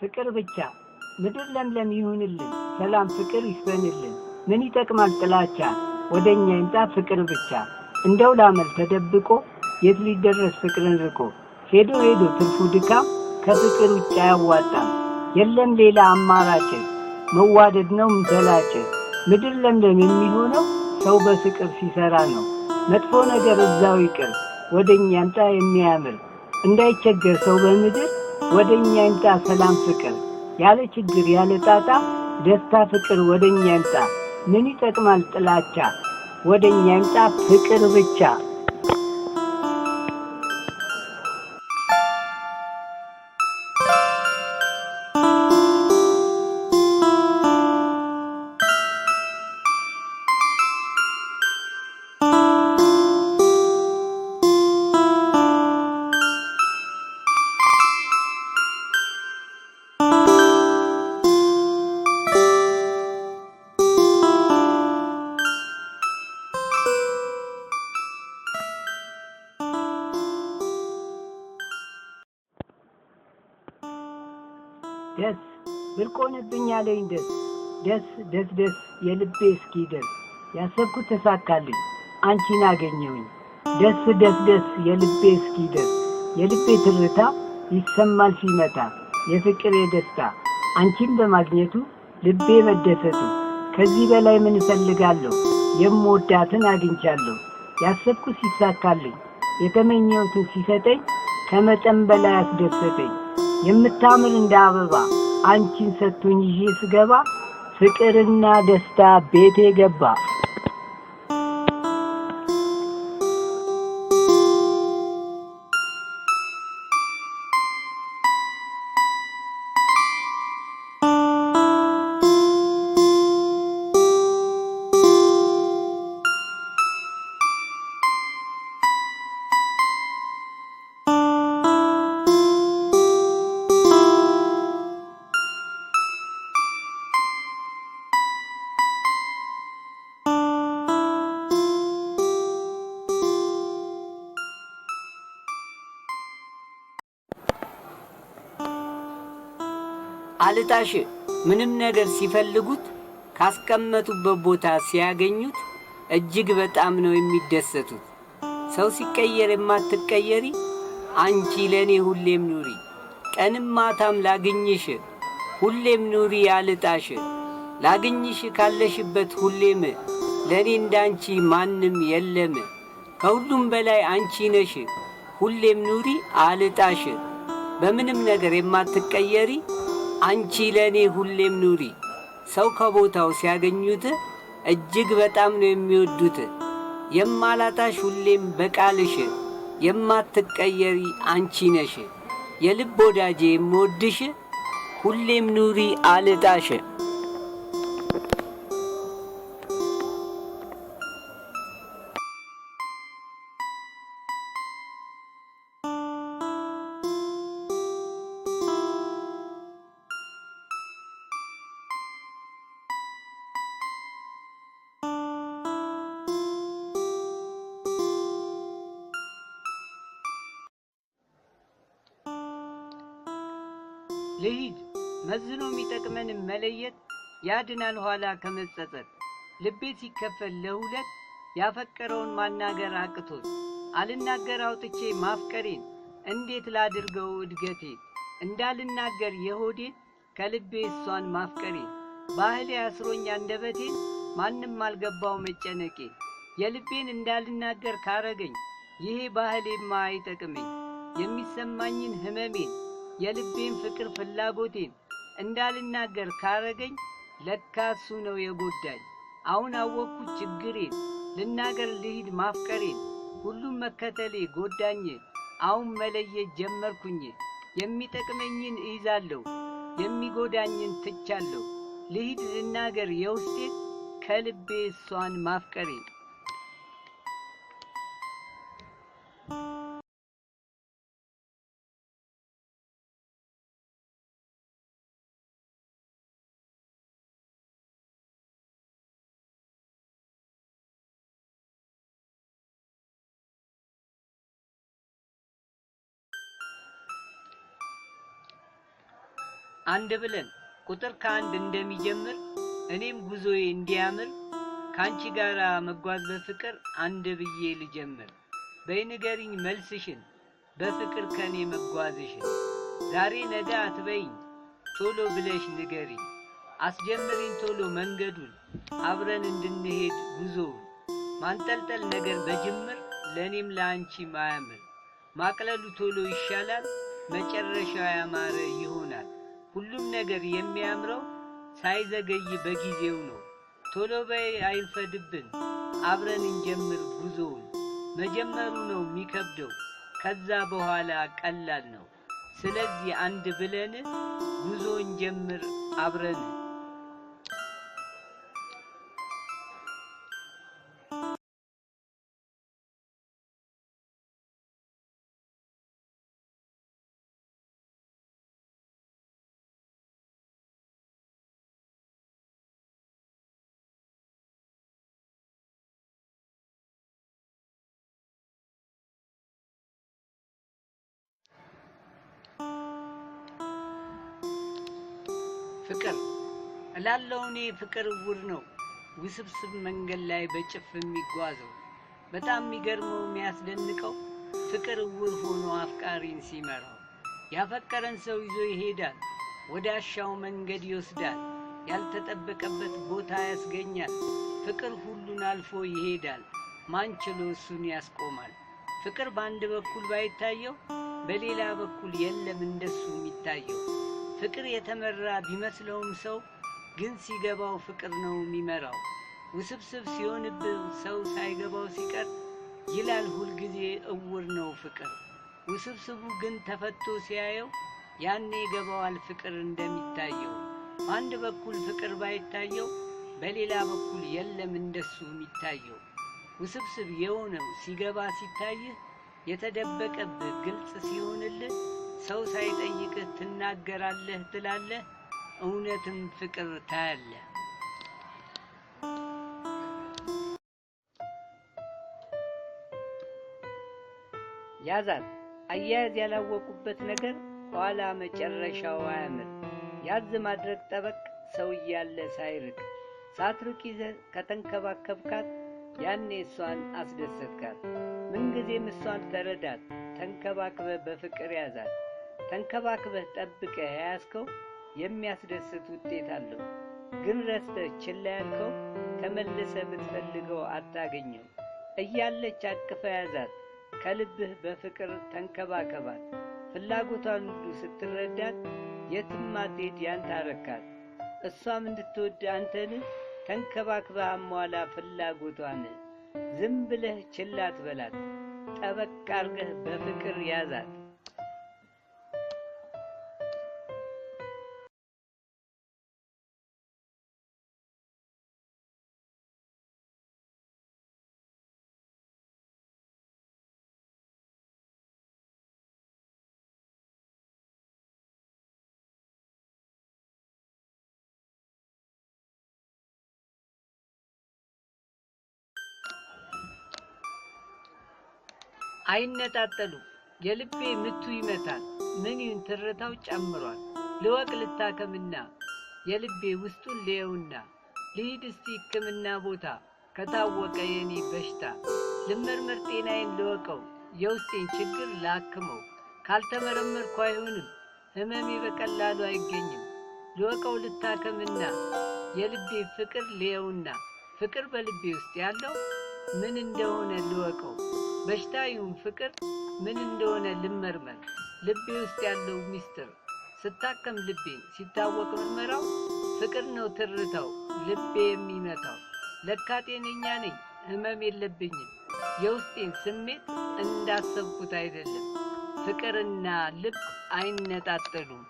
ፍቅር ብቻ ምድር ለምለም ይሁንልን፣ ሰላም ፍቅር ይስፈንልን። ምን ይጠቅማል ጥላቻ? ወደ እኛ ይምጣ ፍቅር ብቻ። እንደው ላመል ተደብቆ የት ሊደረስ ፍቅርን ርቆ ሄዶ ሄዶ ትርፉ ድካም ከፍቅር ውጭ አያዋጣም። የለም ሌላ አማራጭ መዋደድ ነው ምተላጭ። ምድር ለምለም የሚሆነው ሰው በፍቅር ሲሰራ ነው። መጥፎ ነገር እዛው ይቅር፣ ወደ እኛ ይምጣ የሚያምር እንዳይቸገር ሰው በምድር ወደ እኛ ይምጣ ሰላም ፍቅር፣ ያለ ችግር ያለ ጣጣ ደስታ ፍቅር ወደ እኛ ይምጣ። ምን ይጠቅማል ጥላቻ? ወደ እኛ ይምጣ ፍቅር ብቻ። ደስ ብርቅ ሆነብኝ አለኝ ደስ ደስ ደስ ደስ የልቤ እስኪ ደስ ያሰብኩት ተሳካልኝ አንቺን አገኘውኝ ደስ ደስ ደስ የልቤ እስኪ ደስ የልቤ ትርታ ይሰማል ሲመታ የፍቅሬ ደስታ አንቺን በማግኘቱ ልቤ መደሰቱ ከዚህ በላይ ምን እፈልጋለሁ? የምወዳትን አግኝቻለሁ። ያሰብኩት ሲሳካልኝ የተመኘሁትን ሲሰጠኝ ከመጠን በላይ አስደሰተኝ። የምታምር እንደ አበባ አንቺን ሰጥቶኝ ይዤ ስገባ ፍቅርና ደስታ ቤቴ ገባ። አልጣሽ ምንም ነገር ሲፈልጉት ካስቀመጡበት ቦታ ሲያገኙት እጅግ በጣም ነው የሚደሰቱት። ሰው ሲቀየር የማትቀየሪ አንቺ ለእኔ ሁሌም ኑሪ፣ ቀንም ማታም ላግኝሽ ሁሌም ኑሪ አልጣሽ ላግኝሽ ካለሽበት ሁሌም ለእኔ እንዳንቺ ማንም የለም። ከሁሉም በላይ አንቺ ነሽ ሁሌም ኑሪ አልጣሽ በምንም ነገር የማትቀየሪ አንቺ ለእኔ ሁሌም ኑሪ። ሰው ከቦታው ሲያገኙት እጅግ በጣም ነው የሚወዱት። የማላጣሽ ሁሌም በቃልሽ የማትቀየሪ አንቺ ነሽ። የልብ ወዳጄ የምወድሽ ሁሌም ኑሪ አልጣሽ። ልሂድ መዝኖ የሚጠቅመንም መለየት ያድናል ኋላ ከመጸጸት ልቤ ሲከፈል ለሁለት ያፈቀረውን ማናገር አቅቶት አልናገር አውጥቼ ማፍቀሬን እንዴት ላድርገው እድገቴ እንዳልናገር የሆዴን ከልቤ እሷን ማፍቀሬ ባህሌ አስሮኝ አንደበቴን ማንም አልገባው መጨነቄ የልቤን እንዳልናገር ካረገኝ ይሄ ባህሌማ አይጠቅመኝ የሚሰማኝን ህመሜን የልቤን ፍቅር ፍላጎቴን እንዳልናገር ካረገኝ ለካ እሱ ነው የጎዳኝ። አሁን አወቅኩ ችግሬን፣ ልናገር ልሂድ ማፍቀሬን፣ ሁሉም መከተሌ ጎዳኝ። አሁን መለየት ጀመርኩኝ። የሚጠቅመኝን እይዛለሁ፣ የሚጎዳኝን ትቻለሁ። ልሂድ ልናገር የውስጤን ከልቤ እሷን ማፍቀሬን አንድ ብለን ቁጥር ከአንድ እንደሚጀምር እኔም ጉዞዬ እንዲያምር ከአንቺ ጋር መጓዝ በፍቅር አንድ ብዬ ልጀምር። በይንገሪኝ መልስሽን በፍቅር ከኔ መጓዝሽን ዛሬ ነገ አትበይኝ ቶሎ ብለሽ ንገሪኝ። አስጀምሪኝ ቶሎ መንገዱን አብረን እንድንሄድ ጉዞውን ማንጠልጠል ነገር በጅምር ለእኔም ለአንቺ ማያምር ማቅለሉ ቶሎ ይሻላል መጨረሻው ያማረ ይሆን ሁሉም ነገር የሚያምረው ሳይዘገይ በጊዜው ነው። ቶሎ በይ አይፈድብን፣ አብረን እንጀምር ጉዞውን። መጀመሩ ነው የሚከብደው፣ ከዛ በኋላ ቀላል ነው። ስለዚህ አንድ ብለን ጉዞ እንጀምር አብረን ፍቅር እላለው እኔ ፍቅር እውር ነው ውስብስብ መንገድ ላይ በጭፍ የሚጓዘው በጣም የሚገርመው የሚያስደንቀው ፍቅር እውር ሆኖ አፍቃሪን ሲመራው ያፈቀረን ሰው ይዞ ይሄዳል ወደ አሻው መንገድ ይወስዳል ያልተጠበቀበት ቦታ ያስገኛል ፍቅር ሁሉን አልፎ ይሄዳል ማንችሎ እሱን ያስቆማል ፍቅር በአንድ በኩል ባይታየው በሌላ በኩል የለም እንደሱ የሚታየው ፍቅር የተመራ ቢመስለውም ሰው ግን ሲገባው ፍቅር ነው የሚመራው። ውስብስብ ሲሆንብህ ሰው ሳይገባው ሲቀር ይላል ሁልጊዜ እውር ነው ፍቅር። ውስብስቡ ግን ተፈቶ ሲያየው ያኔ ገባዋል ፍቅር እንደሚታየው። በአንድ በኩል ፍቅር ባይታየው በሌላ በኩል የለም እንደሱ የሚታየው። ውስብስብ የሆነው ሲገባ ሲታይህ የተደበቀብህ ግልጽ ሲሆንልህ ሰው ሳይጠይቅህ ትናገራለህ፣ ትላለህ፣ እውነትም ፍቅር ታያለህ። ያዛት አያያዝ ያላወቁበት ነገር ኋላ መጨረሻው አያምር። ያዝ ማድረግ ጠበቅ ሰው እያለ ሳይርቅ ሳትርቅ ይዘህ ከተንከባከብካት ያኔ እሷን አስደሰትካት። ምንጊዜም እሷን ተረዳት፣ ተንከባክበ በፍቅር ያዛት። ተንከባክበህ ጠብቀ የያዝከው የሚያስደስት ውጤት አለው። ግን ረስተህ ችላ ያልከው ተመልሰህ ብትፈልገው አታገኘው። እያለች አቅፈ ያዛት፣ ከልብህ በፍቅር ተንከባከባት። ፍላጎቷን ሁሉ ስትረዳት የትም አትሄድ ያንተ አረካት። እሷም እንድትወድ አንተን ተንከባክበህ አሟላ ፍላጎቷን። ዝም ብለህ ችላ አትበላት፣ ጠበቅ አርገህ በፍቅር ያዛት። አይነጣጠሉም። የልቤ ምቱ ይመታል፣ ምን ይሁን ትርታው ጨምሯል። ልወቅ ልታከምና የልቤ ውስጡን ልየውና ልሂድ እስቲ ሕክምና ቦታ ከታወቀ የኔ በሽታ ልመርመር ጤናዬን ልወቀው የውስጤን ችግር ላክመው ካልተመረመርኩ አይሆንም ሕመሜ በቀላሉ አይገኝም። ልወቀው ልታከምና የልቤ ፍቅር ልየውና ፍቅር በልቤ ውስጥ ያለው ምን እንደሆነ ልወቀው በሽታ ይሁን ፍቅር ምን እንደሆነ ልመርመር ልቤ ውስጥ ያለው ሚስጥር ስታከም ልቤን ሲታወቅ ምርመራው ፍቅር ነው ትርታው ልቤ የሚመታው ለካ ጤነኛ ነኝ ህመም የለብኝም የውስጤን ስሜት እንዳሰብኩት አይደለም ፍቅርና ልብ አይነጣጠሉም።